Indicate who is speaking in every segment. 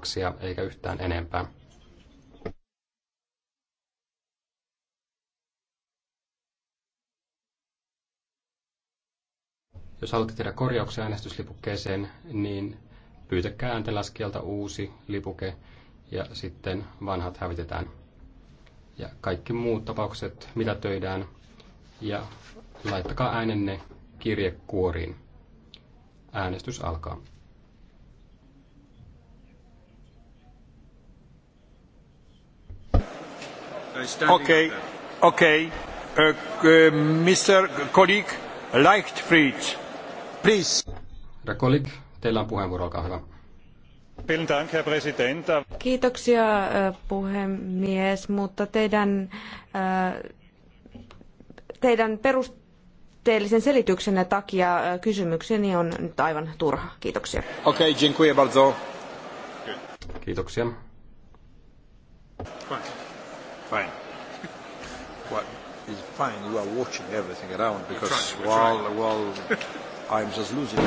Speaker 1: kaksia eikä yhtään enempää. Jos haluatte tehdä korjauksia äänestyslipukkeeseen, niin pyytäkää ääntelaskelta uusi lipuke ja sitten vanhat hävitetään. Ja kaikki muut tapaukset mitä töidään ja laittakaa äänenne kirjekuoriin. Äänestys alkaa.
Speaker 2: Okei, okay. okei. Okay. Uh, uh Mr. Kolik, Leichtfried, please. Herra Kolik, teillä on puheenvuoro, olkaa hyvä. Kiitoksia uh, puhemies, mutta teidän,
Speaker 1: uh, teidän perusteellisen selityksenne takia kysymykseni on nyt aivan turha. Kiitoksia.
Speaker 2: Okei, okay, dziękuję bardzo. Kiitoksia fine. What It's fine, you are watching everything around because while, while I'm just losing.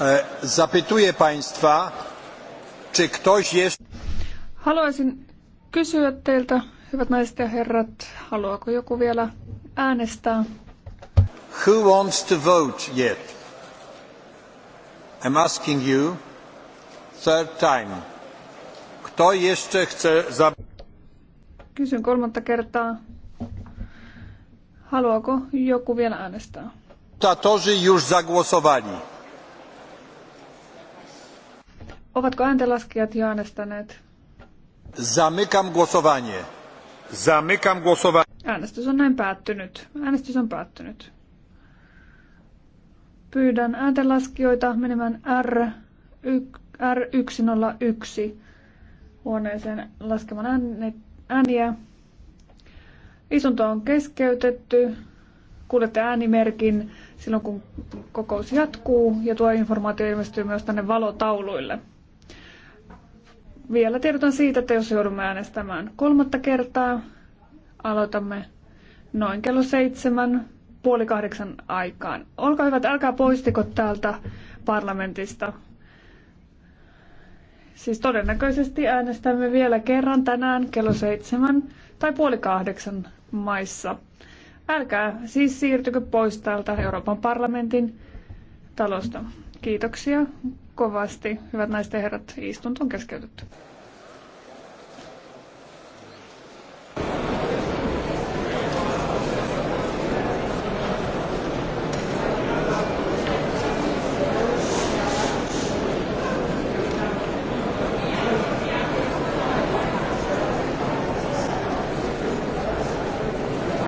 Speaker 2: E, zapytuję Państwa, czy ktoś jest...
Speaker 1: Haluaisin kysyä teiltä, hyvät naiset ja herrat, haluaako joku vielä äänestää?
Speaker 2: Who wants to vote yet? I'm asking you third time. Kto jeszcze chce...
Speaker 1: Kysyn kolmatta kertaa, Haluaako joku vielä äänestää?
Speaker 2: Tatorzy już zagłosowali.
Speaker 1: Ovatko ääntenlaskijat jo äänestäneet?
Speaker 2: Zamykam głosowanie. Zamykam głosowanie.
Speaker 1: Äänestys on näin päättynyt. Äänestys on päättynyt. Pyydän ääntenlaskijoita menemään R, R101 huoneeseen laskemaan ääniä. Istunto on keskeytetty. Kuulette äänimerkin silloin, kun kokous jatkuu ja tuo informaatio ilmestyy myös tänne valotauluille. Vielä tiedotan siitä, että jos joudumme äänestämään kolmatta kertaa, aloitamme noin kello seitsemän, puoli kahdeksan aikaan. Olkaa hyvät, älkää poistiko täältä parlamentista. Siis todennäköisesti äänestämme vielä kerran tänään kello seitsemän tai puoli kahdeksan maissa. Älkää siis siirtykö pois täältä Euroopan parlamentin talosta. Kiitoksia kovasti. Hyvät naiset ja herrat, istunto on keskeytetty.